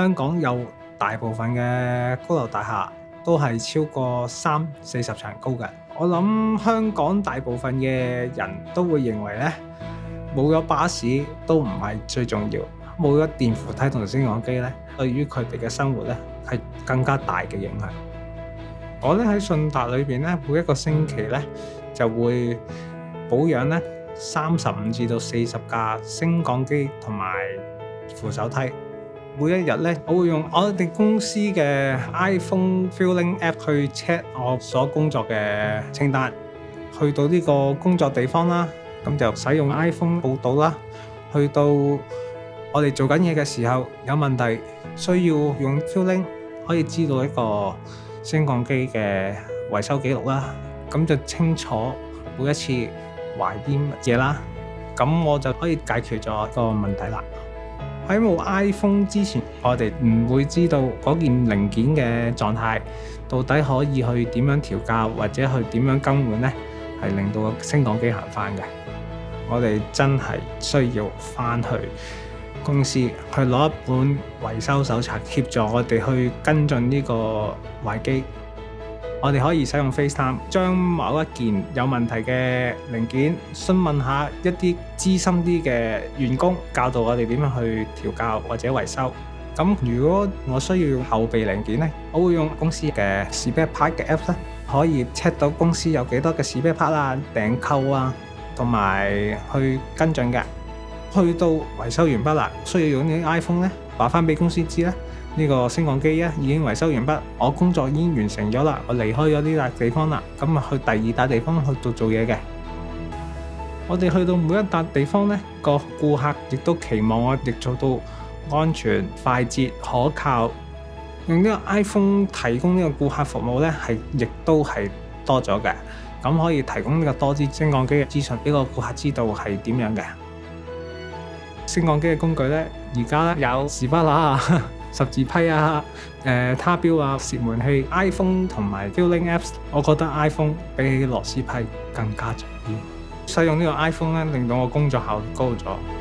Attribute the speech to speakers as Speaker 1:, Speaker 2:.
Speaker 1: 香港有大部分嘅高樓大廈都係超過三四十層高嘅。我諗香港大部分嘅人都會認為呢冇咗巴士都唔係最重要，冇咗電扶梯同升降機呢對於佢哋嘅生活呢係更加大嘅影響。我咧喺順達裏邊呢，每一個星期呢就會保養呢三十五至到四十架升降機同埋扶手梯。每一日咧，我會用我哋公司嘅 iPhone Feeling App 去 check 我所工作嘅清單，去到呢個工作地方啦，咁就使用 iPhone 報到啦。去到我哋做緊嘢嘅時候，有問題需要用 Feeling 可以知道一個升降機嘅維修記錄啦，咁就清楚每一次壞啲乜嘢啦，咁我就可以解決咗一個問題啦。喺冇 iPhone 之前，我哋唔會知道嗰件零件嘅狀態到底可以去點樣調校，或者去點樣更換。呢係令到個升降機行翻嘅。我哋真係需要翻去公司，去攞一本維修手冊，協助我哋去跟進呢個壞機。我哋可以使用 FaceTime，將某一件有問題嘅零件，詢問下一啲資深啲嘅員工，教導我哋點樣去調校或者維修。咁如果我需要用後備零件呢，我會用公司嘅 Smart Part 嘅 App 咧，可以 check 到公司有幾多嘅 Smart Part 啦、訂購啊，同埋去跟進嘅。去到維修完畢啦，需要用啲 iPhone 呢。話翻俾公司知咧，呢個升降機啊已經維修完畢，我工作已經完成咗啦，我離開咗呢笪地方啦，咁啊去第二笪地方去做做嘢嘅。我哋去到每一笪地方呢，個顧客亦都期望我亦做到安全、快捷、可靠。用呢個 iPhone 提供呢個顧客服務呢，係亦都係多咗嘅，咁可以提供呢個多支升降機嘅資訊俾個顧客知道係點樣嘅。升降機嘅工具呢，而家呢有士巴拿啊、十字批啊、誒卡標啊、蝕門器、iPhone 同埋 Feeling Apps。我覺得 iPhone 比起螺絲批更加重要。使用呢個 iPhone 呢，令到我工作效率高咗。